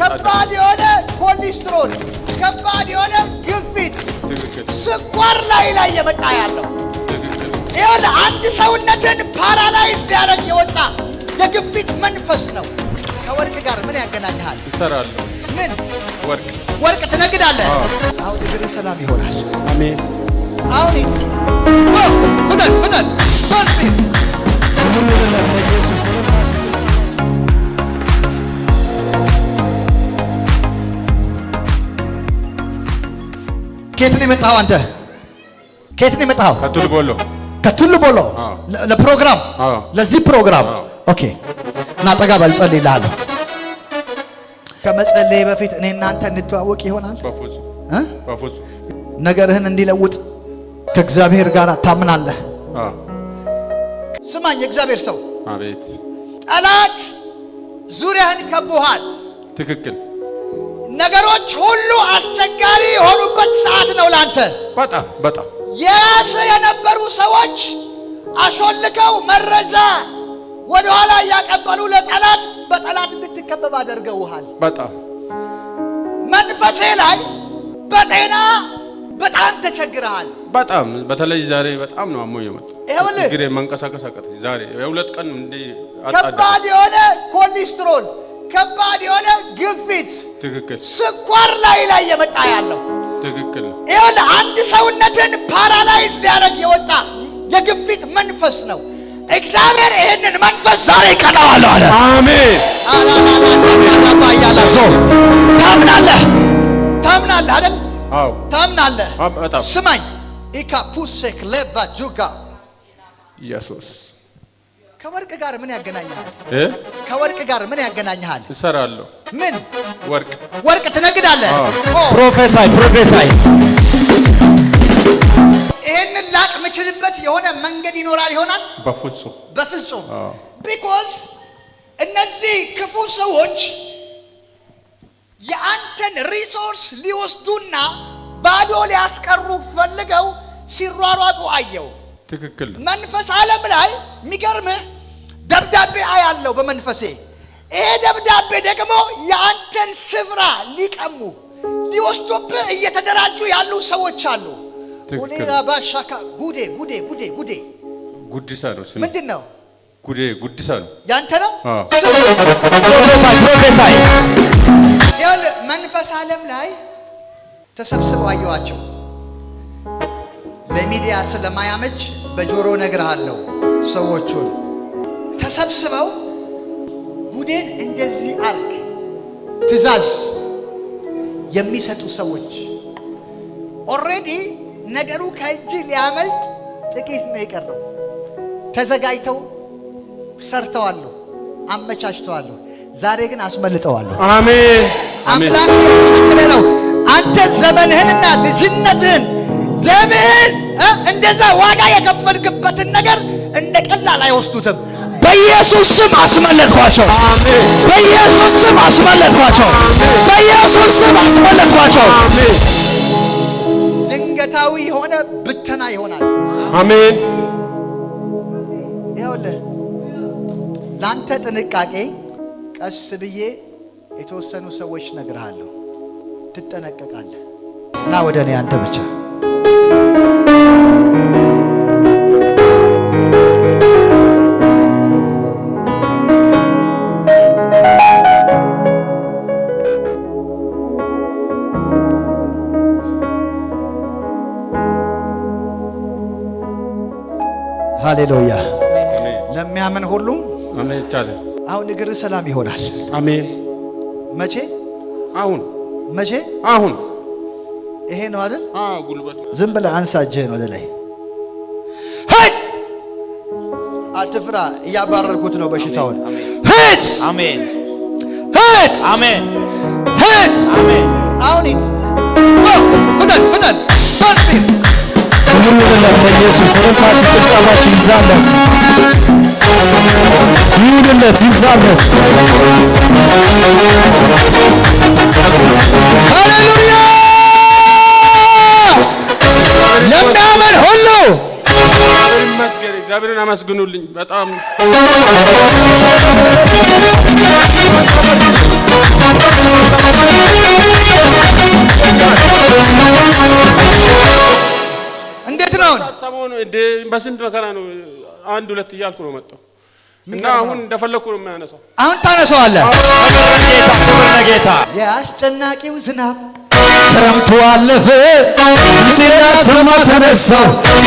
ከባድ የሆነ ኮሌስትሮል፣ ከባድ የሆነ ግፊት፣ ስኳር ላይ ላይ የመጣ ያለው ይሁን አንድ ሰውነትን ፓራላይዝ ሊያደርግ የወጣ የግፊት መንፈስ ነው። ከወርቅ ጋር ምን ያገናኝሃል? ይሰራሉ። ምን ወርቅ ወርቅ ትነግዳለህ። አሁን እግር ሰላም ይሆናል። አሜን። አሁን ፍጠን ፍጠን ከየት ነው የመጣኸው? አንተ ከየት ነው የመጣኸው? ከቱሉ ቦሎ ከቱሉ ቦሎ ለፕሮግራም ለዚህ ፕሮግራም ኦኬ። እና ጠጋ በል ጸልይልሃለሁ። ከመጸለይ በፊት እኔ እናንተ እንተዋወቅ ይሆናል። ነገርህን እንዲለውጥ ከእግዚአብሔር ጋር ታምናለህ። ስማኝ የእግዚአብሔር ሰው፣ ጠላት ዙሪያህን ከቦሃል። ትክክል ነገሮች ሁሉ አስቸጋሪ የሆኑበት ሰዓት ነው ላንተ። በጣም በጣም የራስ የነበሩ ሰዎች አሾልከው መረጃ ወደኋላ እያቀበሉ ለጠላት በጠላት እንድትከበብ አደርገውሃል። በጣም መንፈሴ ላይ በጤና በጣም ተቸግረሃል። በጣም በተለይ ዛሬ በጣም ነው አሞኝ የመጣ ይኸውልህ፣ መንቀሳቀስ አቃተኝ ዛሬ የሁለት ቀን ከባድ የሆነ ኮሌስትሮል ከባድ የሆነ ግፊት ትክክል፣ ስኳር ላይ ላይ የመጣ ያለው ትክክል ነው። ይኸውልህ አንድ ሰውነትን ፓራላይዝ ሊያደርግ የወጣ የግፊት መንፈስ ነው። እግዚአብሔር ይህንን መንፈስ ዛሬ ይቀጣዋል አለ። አሜን። ታምናለህ፣ ታምናለህ አይደል? ታምናለህ። ስማኝ ኢካፑሴክ ሌቫ ጁጋ ኢየሱስ ከወርቅ ጋር ምን ያገናኛል? ከወርቅ ጋር ምን ያገናኛል? እሰራለሁ። ምን ወርቅ ወርቅ ትነግዳለህ። ፕሮፌሳይ ፕሮፌሳይ ይሄንን ላቅ የምችልበት የሆነ መንገድ ይኖራል ይሆናል። በፍጹም በፍጹም። ቢኮዝ እነዚህ ክፉ ሰዎች የአንተን ሪሶርስ ሊወስዱና ባዶ ሊያስቀሩ ፈልገው ሲሯሯጡ አየው። ትክክል መንፈስ ዓለም ላይ የሚገርምህ ደብዳቤ አያለው በመንፈሴ። ይሄ ደብዳቤ ደግሞ የአንተን ስፍራ ሊቀሙ ሊወስዱብህ እየተደራጁ ያሉ ሰዎች አሉ። ሌላ ባሻካ ጉዴ ጉዴ ጉዴ ጉዴ ጉዲሳ ነው። ምንድን ነው ጉዴ? ጉዲሳ ነው። ያንተ ነው። መንፈስ ዓለም ላይ ተሰብስበው አየዋቸው። ለሚዲያ ስለማያመች በጆሮ ነግርሃለሁ ሰዎቹን ተሰብስበው ቡድን እንደዚህ አርግ ትእዛዝ የሚሰጡ ሰዎች ኦሬዲ ነገሩ ከእጅ ሊያመልጥ ጥቂት ነው የቀረው። ተዘጋጅተው ሰርተዋለሁ፣ አመቻችተዋለሁ። ዛሬ ግን አስመልጠዋለሁ። አሜን። አምላክ ምስክር ነው። አንተ ዘመንህንና ልጅነትህን ደምህን እንደዛ ዋጋ የከፈልክበትን ነገር እንደ ቀላል አይወስዱትም። በኢየሱስ ስም አስመለጥኳቸው። በኢየሱስ ስም አስመለጥኳቸው። በኢየሱስ ስም አስመለጥኳቸው። ድንገታዊ የሆነ ብተና ይሆናል። አሜን። ይኸውልህ ለአንተ ጥንቃቄ ቀስ ብዬ የተወሰኑ ሰዎች ነግርሃለሁ። ትጠነቀቃለህ እና ወደ እኔ አንተ ብቻ ሃሌሉያ። ለሚያምን ሁሉ አሜን ይቻላል። አሁን እግር ሰላም ይሆናል። አሜን። መቼ? አሁን። መቼ? አሁን። ይሄ ነው አይደል? አዎ። ጉልበት ዝም ብለህ አንሳ፣ እጅህን ወደ ላይ። ሂድ፣ አትፍራ። እያባረርኩት ነው በሽታውን። ሂድ። አሜን። ሂድ። አሜን። ሂድ። አሜን። አሁን ሂድ። ፍጠን፣ ፍጠን፣ ባልፊል ይሁንለት ለኢየሱስ የመታችሁ ጭብጨባችሁ ይብዛለት፣ ይሁንለት፣ ይብዛለት። ሃሌሉያ! ለሚያምን ሁሉ እግዚአብሔርን አመስግኑልኝ በጣም በስንት መከራ ነው አንድ ሁለት እያልኩ ነው መጣው እና አሁን እንደፈለግኩ ነው የሚያነሳው። አሁን ታነሳዋለህ። ጌታ የአስጨናቂው ዝናብ ክረምቱ አለፈ፣ ምስና ሰማ ተነሳ፣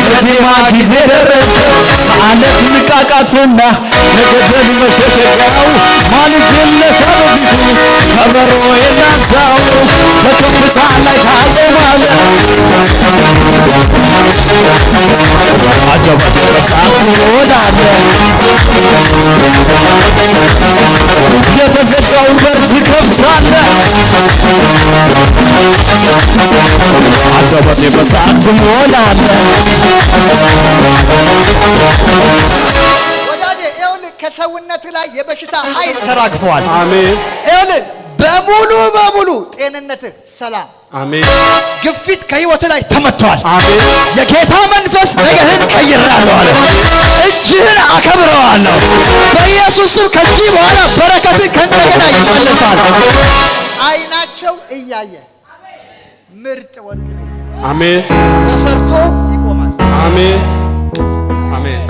የዜማ ጊዜ ደረሰ። አለት ንቃቃትና ለገደሉ መሸሸጊያው ማልጅን ለሳበ ፊቱ ከበሮ የናሳው በከፍታ ላይ ታቆማለህ ይወጣል። የተዘጋውን በር ትከፍታለህ። አጨበኔ በሰዓት ትሞላለህ። ወዳጄ ይኸውልህ ከሰውነት ላይ የበሽታ ኃይል ተራግፈዋል። አሜን ይኸውልህ በሙሉ በሙሉ ጤንነትህ ሰላም፣ አሜን። ግፊት ከህይወት ላይ ተመቷል። አሜን። የጌታ መንፈስ ነገህን ቀይራለዋለሁ፣ እጅህን አከብረዋለሁ። በኢየሱስም ከዚህ በኋላ በረከትህ ከእንደገና ይመለሳል። አይናቸው እያየ ምርጥ ወርቅ፣ አሜን፣ ተሰርቶ ይቆማል። አሜን፣ አሜን።